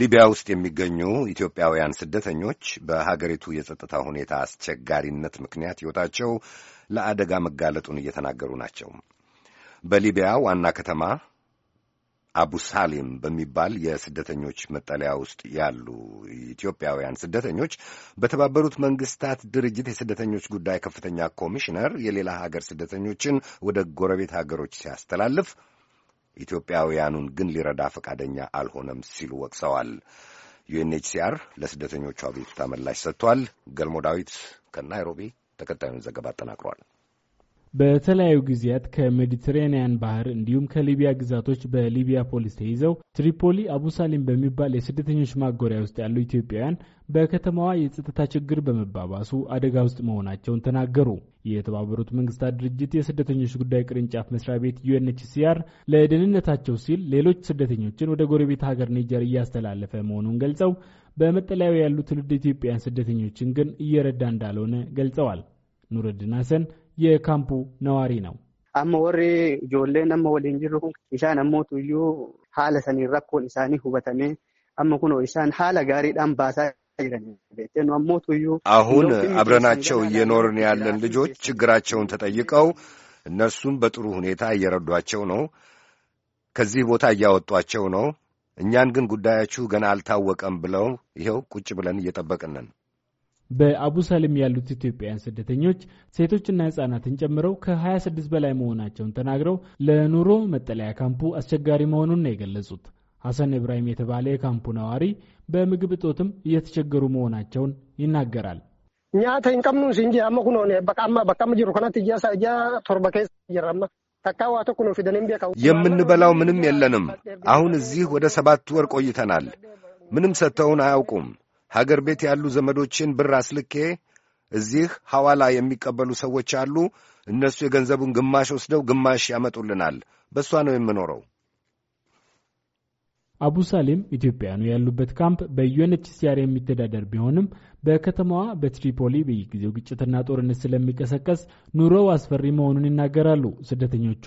ሊቢያ ውስጥ የሚገኙ ኢትዮጵያውያን ስደተኞች በሀገሪቱ የጸጥታ ሁኔታ አስቸጋሪነት ምክንያት ሕይወታቸው ለአደጋ መጋለጡን እየተናገሩ ናቸው። በሊቢያ ዋና ከተማ አቡሳሊም በሚባል የስደተኞች መጠለያ ውስጥ ያሉ ኢትዮጵያውያን ስደተኞች በተባበሩት መንግስታት ድርጅት የስደተኞች ጉዳይ ከፍተኛ ኮሚሽነር የሌላ ሀገር ስደተኞችን ወደ ጎረቤት ሀገሮች ሲያስተላልፍ ኢትዮጵያውያኑን ግን ሊረዳ ፈቃደኛ አልሆነም ሲሉ ወቅሰዋል። ዩኤንኤችሲአር ለስደተኞቹ አቤቱታ ምላሽ ሰጥቷል። ገልሞ ዳዊት ከናይሮቢ ተከታዩን ዘገባ አጠናቅሯል። በተለያዩ ጊዜያት ከሜዲትሬንያን ባህር እንዲሁም ከሊቢያ ግዛቶች በሊቢያ ፖሊስ ተይዘው ትሪፖሊ አቡሳሊም በሚባል የስደተኞች ማጎሪያ ውስጥ ያሉ ኢትዮጵያውያን በከተማዋ የጸጥታ ችግር በመባባሱ አደጋ ውስጥ መሆናቸውን ተናገሩ። የተባበሩት መንግስታት ድርጅት የስደተኞች ጉዳይ ቅርንጫፍ መስሪያ ቤት ዩኤንኤችሲአር ለደህንነታቸው ሲል ሌሎች ስደተኞችን ወደ ጎረቤት ሀገር ኒጀር እያስተላለፈ መሆኑን ገልጸው በመጠለያው ያሉ ትውልድ ኢትዮጵያውያን ስደተኞችን ግን እየረዳ እንዳልሆነ ገልጸዋል። ኑረድን ሀሰን የካምፑ ነዋሪ ነው። አመ ወሬ ጆሌ ነመ ወሊን ጅሩ ኢሳን ነሞቱ እዩ ሀለ ሰኒ ረኮን ኢሳኒ ሁበተሜ አመ ኩኖ ኢሳን ሀለ ዳን ባሳ አሁን አብረናቸው እየኖርን ያለን ልጆች ችግራቸውን ተጠይቀው እነሱም በጥሩ ሁኔታ እየረዷቸው ነው፣ ከዚህ ቦታ እያወጧቸው ነው። እኛን ግን ጉዳያችሁ ገና አልታወቀም ብለው ይኸው ቁጭ ብለን እየጠበቅን በአቡሳሌም ያሉት ኢትዮጵያውያን ስደተኞች ሴቶችና ህጻናትን ጨምረው ከ26 በላይ መሆናቸውን ተናግረው ለኑሮ መጠለያ ካምፑ አስቸጋሪ መሆኑን ነው የገለጹት። ሐሰን ኢብራሂም የተባለ የካምፑ ነዋሪ በምግብ እጦትም እየተቸገሩ መሆናቸውን ይናገራል። ኛተ ንቀምኑ ሲንጂ አመ በቃማ በቃም ጅሩ ከናት እያሳ እያ ቶርበ የምንበላው ምንም የለንም። አሁን እዚህ ወደ ሰባት ወር ቆይተናል። ምንም ሰጥተውን አያውቁም። ሀገር ቤት ያሉ ዘመዶችን ብር አስልኬ እዚህ ሐዋላ የሚቀበሉ ሰዎች አሉ። እነሱ የገንዘቡን ግማሽ ወስደው ግማሽ ያመጡልናል። በእሷ ነው የምኖረው። አቡ ሳሌም ኢትዮጵያውያኑ ያሉበት ካምፕ በዩኤንኤችሲአር የሚተዳደር ቢሆንም በከተማዋ በትሪፖሊ በየጊዜው ግጭትና ጦርነት ስለሚቀሰቀስ ኑሮው አስፈሪ መሆኑን ይናገራሉ ስደተኞቹ።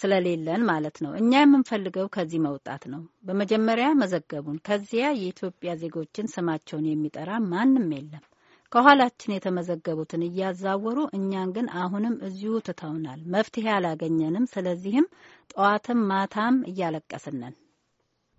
ስለሌለን ማለት ነው። እኛ የምንፈልገው ከዚህ መውጣት ነው። በመጀመሪያ መዘገቡን፣ ከዚያ የኢትዮጵያ ዜጎችን ስማቸውን የሚጠራ ማንም የለም። ከኋላችን የተመዘገቡትን እያዛወሩ እኛን ግን አሁንም እዚሁ ትተውናል። መፍትሄ አላገኘንም። ስለዚህም ጠዋትም ማታም እያለቀስነን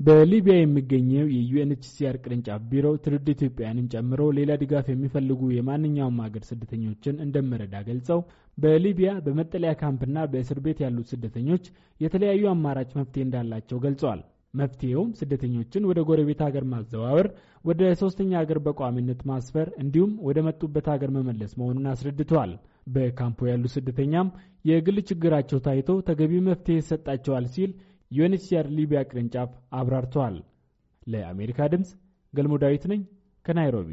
በሊቢያ የሚገኘው የዩኤንኤችሲአር ቅርንጫፍ ቢሮ ትውልድ ኢትዮጵያውያንን ጨምሮ ሌላ ድጋፍ የሚፈልጉ የማንኛውም ሀገር ስደተኞችን እንደሚረዳ ገልጸው በሊቢያ በመጠለያ ካምፕና በእስር ቤት ያሉት ስደተኞች የተለያዩ አማራጭ መፍትሄ እንዳላቸው ገልጸዋል። መፍትሄውም ስደተኞችን ወደ ጎረቤት ሀገር ማዘዋወር፣ ወደ ሶስተኛ ሀገር በቋሚነት ማስፈር እንዲሁም ወደ መጡበት ሀገር መመለስ መሆኑን አስረድተዋል። በካምፖ ያሉ ስደተኛም የግል ችግራቸው ታይቶ ተገቢ መፍትሄ ይሰጣቸዋል ሲል ዩኤንኤችሲአር ሊቢያ ቅርንጫፍ አብራርተዋል። ለአሜሪካ ድምፅ ገልሞ ዳዊት ነኝ ከናይሮቢ